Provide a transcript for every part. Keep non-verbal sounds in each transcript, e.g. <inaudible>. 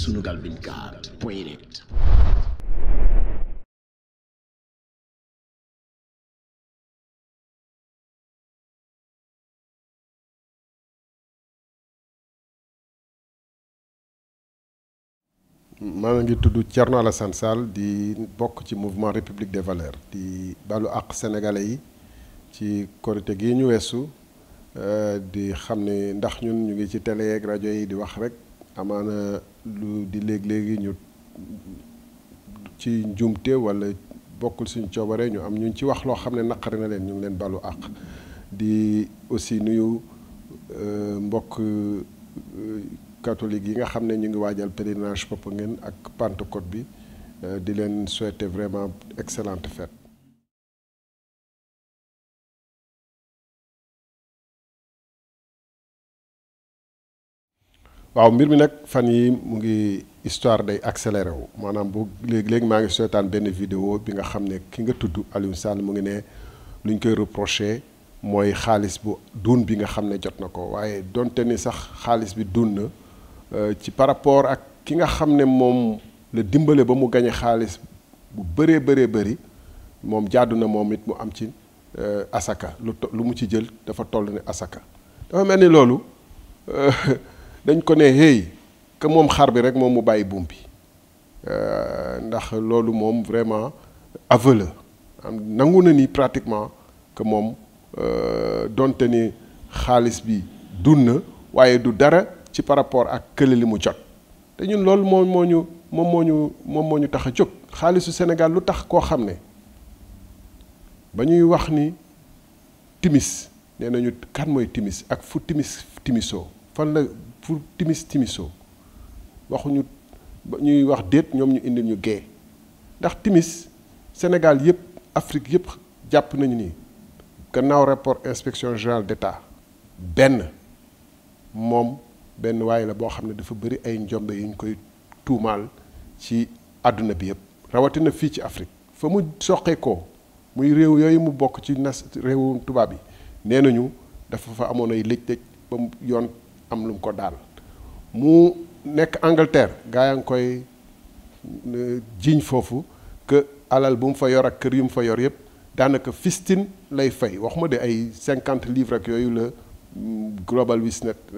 Sunugal 24 point ngi tudd Thierno Alassane Sall di bokk ci mouvement République des valeurs di balu àq sénégalais yi ci korite gii ñu weesu Euh, di xam ne ndax ñun ñu ngi ci télé yeeg rajo yi di wax rek amaana lu di léeg-léegi ñu ci njuumte wala bokkul suñu coobare ñu am ñu ci wax loo xam ne naqari na leen ñu ngi leen balu àq di aussi nuyu euh, mbokk euh, catholique yi nga xam ne ñu ngi waajal pèlerinage ngeen ak Pentecôte bi di leen souhaiter vraiment excellente fête. waaw mbir mi nag fan yi mu ngi histoire day accéléré wu maanaam bu léegi maa ngi seetaan benn vidéo bi nga xam ne ki nga tudd Aliou Sall mu ngi ne lu ñu koy reproché mooy xaalis bu duun bi nga xam ne jot na ko waaye donte ni sax xaalis bi duun na euh, ci par rapport ak ki nga xam ne moom la dimbale ba mu gañe xaalis bu bëree bëree bëri moom jàddu na moom it mu am ci euh, asaka lu lu mu ci jël dafa toll ne asaka dafa mel ni loolu. Euh, dañ ko ne hey que moom xar bi rek moom mu bàyyi buum bi euh, ndax loolu moom vraiment aveu la nangu na ni pratiquement que moom euh, donte ni xaalis bi dun na waaye du dara ci par rapport ak kële li mu jot te ñun loolu moo moo ñu moom moo ñu moom moo ñu tax a jóg xaalisu Sénégal lu tax koo xam ne ba ñuy wax ni timis nee nañu kan mooy timis ak fu timis timisoo pour timis timisoo waxuñu ba ñuy wax déet ñoom ñu indi ñu gee ndax timis Sénégal yëpp Afrique yëpp jàpp nañu ni gannaaw rapport inspection générale d'État benn moom benn waaye la boo xam ne dafa bëri ay njombe yu ñu koy tuumaal ci àdduna bi yëpp rawatina fii ci Afrique fa mu soqee ko muy réew yooyu mu bokk ci nas réewum tubaab yi nee nañu dafa fa amoon ay lëj-lëj ba mu yoon am lum ko daal mu nekk Angleterre gaa yaa ngi koy euh, jiiñ foofu que alal bu mu fa yor ak kër yu mu fa yor yëpp daanaka fistine lay fay wax ma de ay cinquante livres ak yooyu la mm, Global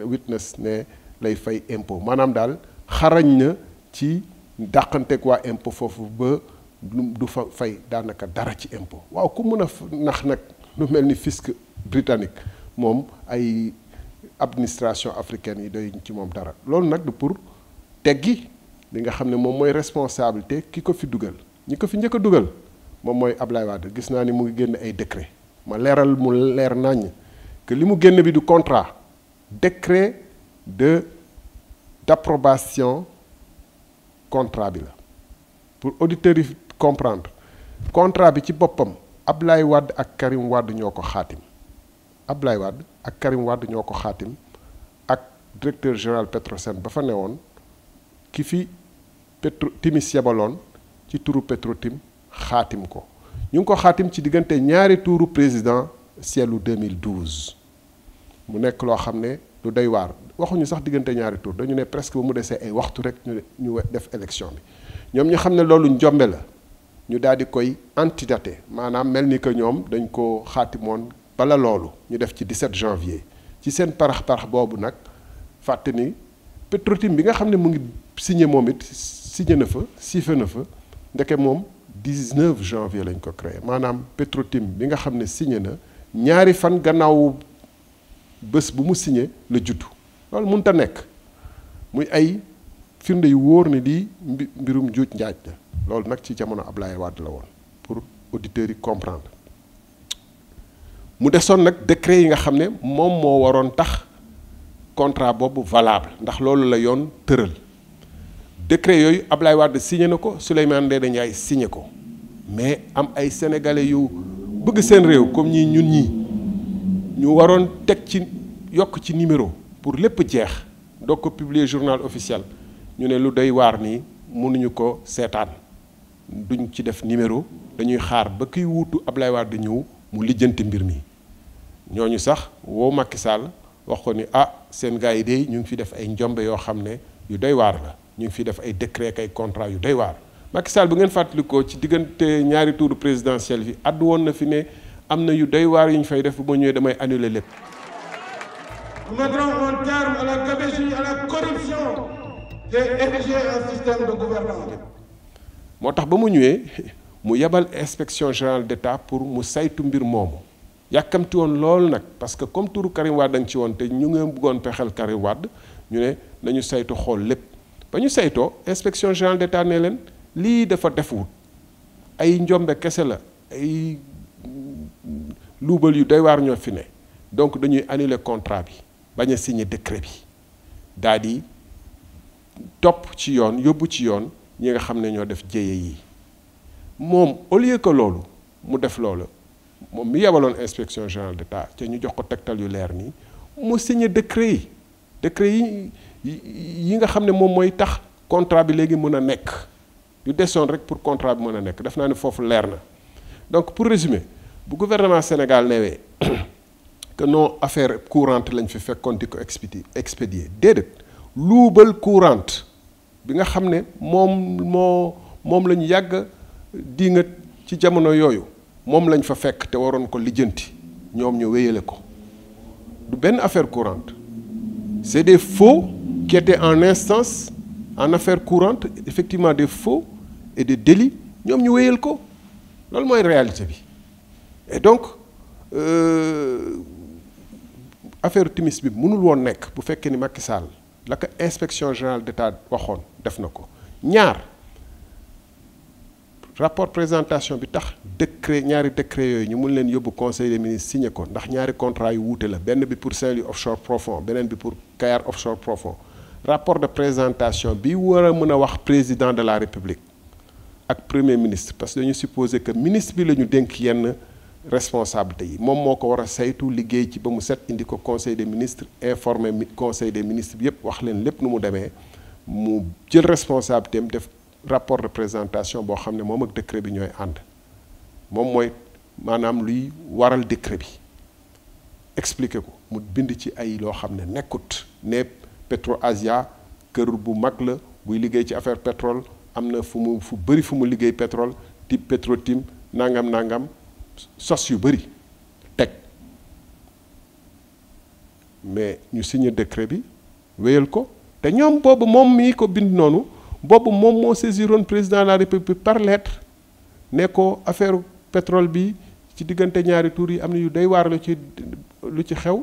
Witness ne lay fay impôt maanaam daal xarañ na ci dàqanteeg waa impôt foofu ba du fa fay daanaka dara ci impo waaw ku mun a nax nag lu mel ni fisc britannique moom ay administration africaine yi doy ci moom dara loolu nag du pour teggi li nga xam ne moom mooy responsabilité ki ko fi dugal ñi ko fi njëkk a dugal moom mooy Ablaye Wade gis naa ni mu ngi génn ay décret ma leeral mu leer naññ que li mu génn bi du contra décret de d'approbation contrat bi la pour auditeurs yi comprendre contrat bi ci boppam Ablaye wàdd ak Karim wàdd ñoo ko xaatim Ablaye Wade ak Karim Wade ñoo ko xaatim ak directeur général Petrosen ba fa ne woon ki fi Petro Timis yebaloon ci turu Petrotim xaatim ko ñu ngi ko xaatim ci diggante ñaari tuuru président seelu 2012 mu nekk loo xam ne lu doy waar waxuñu sax diggante ñaari tour dañu ne presque ba mu desee ay waxtu rek ñu ñu def élection bi ñoom ñu xam ne loolu njombe la ñu daal di koy antidaté maanaam mel ni que ñoom dañ ko xaatimoon bala loolu ñu def ci 17 janvier ci seen parax parax boobu nag fàtte ni Petrotim bi nga xam ne mu ngi signé moom it signé na fa siife na fa ndeke moom 19 janvier lañ ko créé maanaam Petrotim bi nga xam ne signé na ñaari fan gannaaw bés bu mu signe la juddu loolu mënut a nekk muy ay firnde yu wóor ne lii mbirum njuuj njaaj la loolu nag ci jamono Ablaye Wade la woon pour auditeurs yi comprendre. mu desoon nag décret yi nga xam ne moom moo waroon tax contrat boobu valable ndax loolu la yoon tëral décret yooyu Ablaye Wade signé na ko Souleymane de Ndiaye signé ko mais am ay sénégalais yu bëgg seen réew comme ñii ñun ñii ñu waroon teg ci yokk ci numéro pour lépp jeex doog ko publier journal officiel ñu ne lu doy waar nii mënuñu ko seetaan duñ ci def numéro dañuy xaar ba kiy wuutu Ablaye Wade ñëw. mu lijjanti mbir mi ñooñu sax woo Macky Sall wax ko ni ah seen gars yi dey ñu ngi fi def ay njombe yoo xam ne yu doy waar la ñu ngi fi def ay décret ay contrat yu doy waar Macky bu ngeen fàttalikoo ci diggante ñaari tour présidentiel bi àddu woon na fi ne am na yu doy waar yu ñu fay def bu ma ñëwee damay annuler lépp. Nous mettrons un terme à la gabegie, à la corruption et ériger un système de gouvernance. moo tax ba mu ñëwee. mu yebal inspection générale d'État pour mu saytu mbir moomu yàkkamti woon loolu nag parce que comme tour Karim Wade da nga ci woon te ñu ngi buggoon pexel Karim Wade ñu ne nañu saytu xool lépp ba ñu saytoo inspection générale d'État ne leen lii dafa defuwut ay njombe kese la ay luubal yu day waar ñoo fi ne donc dañuy annuler contrat bi bañ a signer décret bi daal di topp ci yoon yóbbu ci yoon ñi nga xam ne ñoo def jéye yi moom au lieu que loolu mu def loolu moom mi yebaloon inspection générale d'État te ñu jox ko tegtal yu leer nii mu signé décret yi décret yi yi nga xam ne moom mooy tax contrat bi léegi mën a nekk yu desoon rek pour contrat bi mën a nekk def naa ne foofu leer na donc pour résumer bu gouvernement Sénégal newee <coughs> que affaire courante lañ fi fekkoon di ko expédier expédier déedéet luubal courante bi nga xam ne moom moo moom lañu yàgg di nga ci jamono yooyu moom lañ fa fekk te waroon ko lijjanti ñoom ñu wéyale ko du benn affaire courante c'est des faux qui en instance en affaire courante effectivement des faux et des délits ñoom ñu wéyal ko loolu mooy réalité bi et donc euh, affaire timis bi mënul woon nekk bu fekkee ni Macky Sall la ko inspection générale d'État waxoon def na ko ñaar rapport présentation bi tax décret ñaari décret yooyu ñu mun leen yóbbu conseil des ministres signé ko ndax ñaari contrat yu wute la benn bi pour Saint-Louis offshore profond beneen bi pour Kayar offshore profond rapport de présentation bi war a mën a wax président de la république ak premier ministre parce que dañu supposé que ministre bi la ñu dénk yenn responsabilité yi moom moo ko war a saytu liggéey ci ba mu set indi ko conseil des ministres informé conseil des ministres bi yëpp wax leen lépp nu mu demee mu jël responsabilité am def. rapport présentation boo xam ne moom ak décret bi ñooy ànd moom mooy maanaam luy waral décret bi expliqué ko mu bind ci ay loo xam ne nekkut ne Petro Asia kër bu mag la buy liggéey ci affaire pétrole am na fu mu fu bëri fu mu liggéey pétrole type Petrotim nangam nangam sos yu bëri teg mais ñu signé décret bi wéyal ko te ñoom boobu moom mii ko bind noonu boobu moom moo saisiroon président de la république par lettre ne ko affaire pétrole bi ci diggante ñaari tour yi am na yu day waar lu ci lu ci xew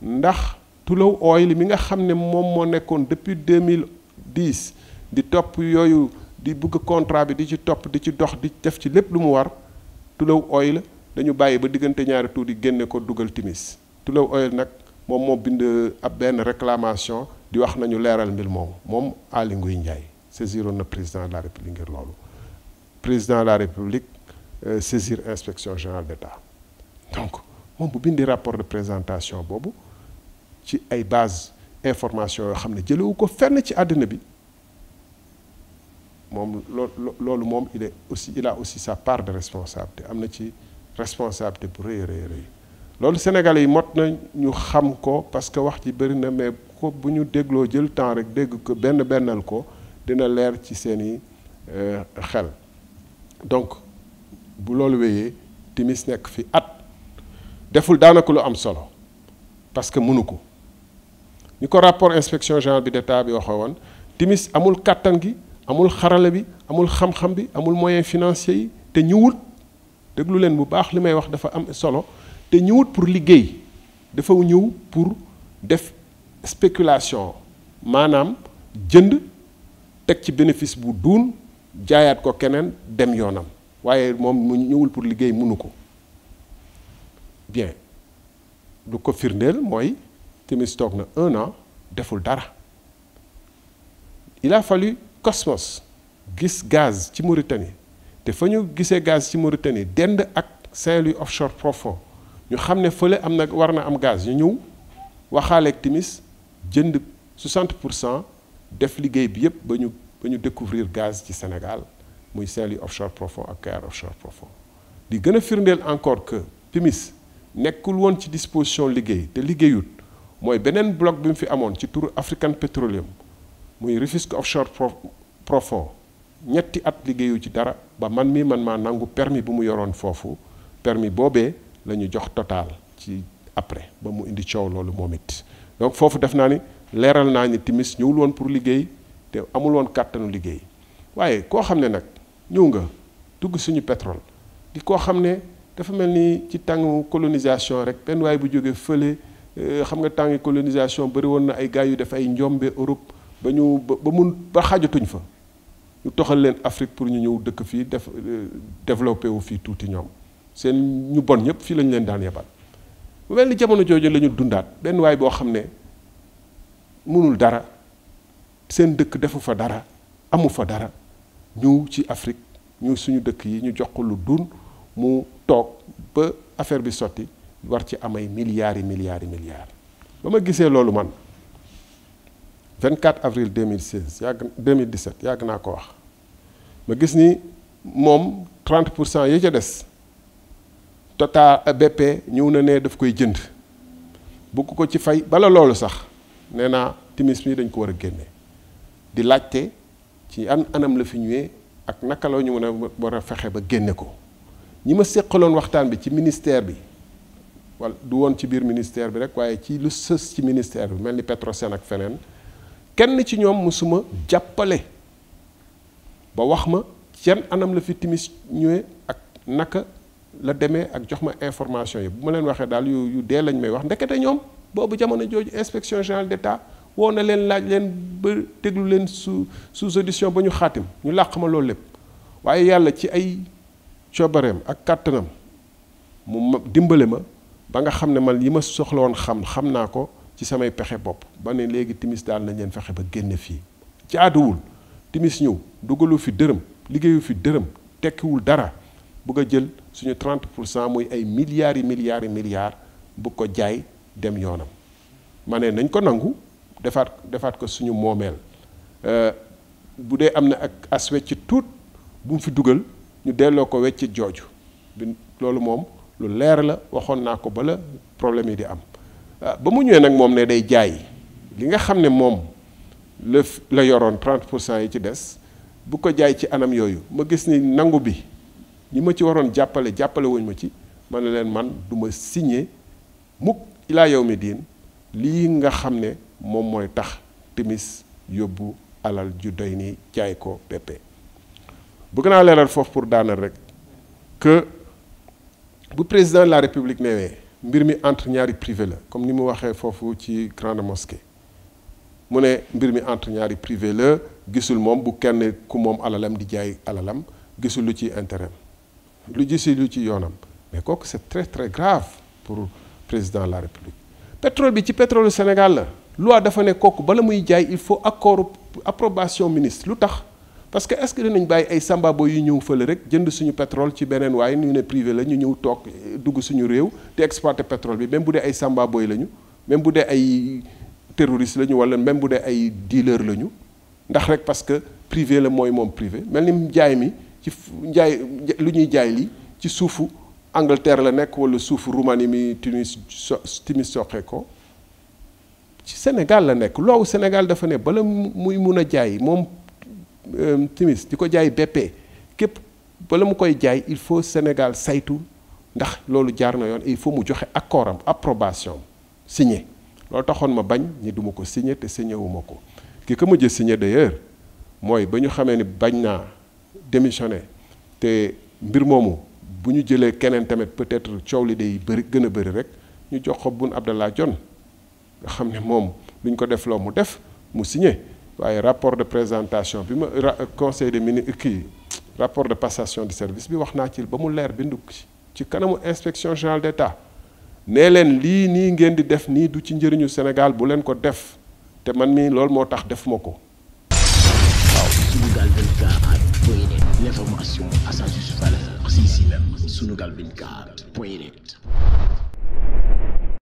ndax Tullow Oil mi nga xam ne moom moo nekkoon depuis 2010 di topp yooyu di bugg contrat bi di ci topp di ci dox di def ci lépp lu mu war Tullow Oil dañu bàyyi ba diggante ñaari tour yi génne ko dugal timis Tullow Oil nag moom moo bind ab benn réclamation di wax nañu leeral mbir moomu moom Aly Ngouille Ndiaye saisiroon na président de la république ngir loolu président de la république euh, saisir inspection générale d'État donc moom bu bindi rapport de présentation boobu ci ay base information yoo xam ne jëlewu ko fenn ci àddina bi moom loo loolu moom il est aussi il a aussi sa part de responsabilité am na ci responsabilité bu rëy rëy loolu Sénégalais yi mot na ñu xam ko parce que wax ji bëri na mais ko bu ñu dégloo jël temps rek dégg ko benn bennal ko dina leer ci seeni euh, xel donc bu loolu wéyee timis nekk fi at deful daanaka lu am solo parce que mënu ko ni ko rapport inspection générale bi d'État bi waxee woon timis amul kàttan gi amul xarale bi amul xam-xam bi amul moyen financier yi te ñu wut déglu leen bu baax li may wax dafa am solo te ñu wut pour liggéey dafa ñëw pour def spéculation maanaam jënd teg ci bénéfice bu duun jaayaat ko keneen dem yoonam waaye moom mu ñëwul pour liggéey mënu ko bien lu ko firndeel mooy timis toog na un deful dara il a Cosmos gis gaz ci Mauritanie te fa ñu gisee gaz ci Mauritanie dend ak Saint-Louis offshore profond ñu xam ne fële am na war na am gaz yu ñëw waxaaleeg timis jënd 60 pour cent def liggéey bi yëpp ba ñu ba ñu découvrir gaz ci Sénégal muy Saint-Louis offshore profond ak Kayar offshore profond di gën a firndeel encore que Pimis nekkul woon ci disposition liggéey te liggéeyut mooy beneen bloc bi mu fi amoon ci turu African Petroleum muy Rufisque offshore profond ñetti at liggéeyu ci dara ba man mii man maa nangu permis bu mu yoroon foofu permis boobee la ñu jox total ci après ba mu indi coow loolu moom it donc foofu def naa ni leeral naa ni timis ñëwul woon pour liggéey te amul woon kàttanu liggéey waaye koo xam ne nag ñëw nga tugg suñu pétrole di koo xam ne dafa mel ni ci tàngu colonisation rek benn waay bu jógee fële euh, xam nga tàngi colonisation bari woon na ay gars yu def ay njombe Europe ba ñu ba mun ba xaajatuñ fa ñu toxal leen Afrique pour ñu ñëw dëkk fii def euh, développé wu fii tuuti ñoom seen ñu bon ñëpp fii lañ leen daan yebal mu mel ni jamono jooju lañu ñu dundaat benn waay boo xam ne. mënul dara seen dëkk defu fa dara amu fa dara ñëw ci Afrique ñu suñu dëkk yi ñu jox lu dun mu toog ba affaire bi sotti war ci amay milliards yi milliards yi milliards ba ma gisee loolu man 24 avril 2016 yàgg 2017 yàgg naa ko wax ma gis ni moom 30 pour cent yi ca des Total BP ñëw na ne daf koy jënd bukk ko ci fay bala loolu sax nee naa timis mi dañ ko war a génne di laajte ci an anam la fi ñëwee ak naka la ñu mën war a ba génne ko ñi ma séqaloon waxtaan bi ci ministère bi wal du woon ci biir ministère bi rek waaye ci lu sës ci ministère bi mel ni Petrosen ak feneen kenn ci ñoom mosuma jàppale ba wax ma yan anam la fi timis ñëwee ak naka la demee ak jox ma information yi bu ma leen waxee daal yu yu dee lañ may wax ndekete ñoom. boobu jamono jooju inspection générale d'État woo na leen laaj leen ba déglu leen sous sous audition ba ñu xaatim ñu làq ma loolu lépp waaye yàlla ci ay coobareem ak kàttanam mu ma dimbale ma ba nga xam ne man yi ma soxla woon xam xam naa ko ci samay pexe bopp ba ne léegi timis daal nañ leen fexe ba génne fii jaaduwul timis ñëw dugalu fi dërëm liggéeyu fi dërëm tekkiwul dara bëgg a jël suñu 30 pour cent muy ay milliards yi milliards yi bu ko jaay dem yoonam ma ne nañ ko nangu defaat defaat ko suñu moomeel euh, bu dee am na ak as wecci tuut bu mu fi dugal ñu delloo ko wecci jooju bi loolu moom lu leer la waxoon naa ko bala problème yi di am euh, ba mu ñëwee nag moom ne day jaay li nga xam ne moom la la yoroon 30 pour cent yi ci des bu ko jaay ci anam yooyu ma gis ni nangu bi ñi ma ci waroon jàppale jàppale wuñ ma ci ma ne leen man du ma signé mukk ilaa yow mi diin lii nga xam ne moom mooy tax timis yóbbu alal ju doy ni jaay ko bépp bëgg naa leeral foofu pour daanal rek que bu président la république newee mbir mi entre ñaari privé la comme ni mu waxee foofu ci grande mosquée mu ne mbir mi entre ñaari privé la gisul moom bu kenn ku moom alalam di jaay alalam gisul lu ci intérêt lu gisul lu ci yoonam mais kooku c'est très très grave pour président la république pétrole bi ci pétrole Sénégal la loi dafa ne kooku bala muy jaay il faut accord approbation ministre lu tax parce que est-ce que dinañ bàyyi ay sambabo yu ñëw fële rek jënd suñu pétrole ci beneen waaye ñu ne privé la ñu ñëw toog eh, dugg suñu réew te exploiter pétrole bi même bu dee ay sambabo yi lañu même bu dee ay terroriste lañu wala même bu dee ay dealer lañu ndax rek parce que privé la mooy moom privé mel ni njaay mi ci njaay lu ñuy jaay lii ci suufu. Angleterre la nekk wala suufu Roumanie mi Tunis Tunis soqe ko ci Sénégal la nekk loowu Sénégal dafa ne bala muy mun a jaay moom euh, timis di ko jaay BP képp bala mu koy jaay il faut Sénégal saytu ndax loolu jaar na yoon il faut mu joxe accord am approbation signé loolu taxoon ma bañ ñi duma ko signé te signé wu ko ki ko mujj signé d'ailleurs mooy ba ñu xamee ni bañ naa démissionné te mbir moomu. bu ñu jëlee keneen tamit peut-être coow li day bëri gën a bëri rek ñu jox ko Boun Abdallah Dionne nga xam ne moom luñ ko def loo mu def mu signé waaye rapport de présentation bi ma conseil des ministres kii rapport de passation de service bi wax naa ci ba mu leer bindu ci kanamu inspection générale d'État nee leen lii nii ngeen di def nii du ci njëriñu Sénégal bu leen ko def te man mii loolu moo tax defuma ko sunugal 24 point net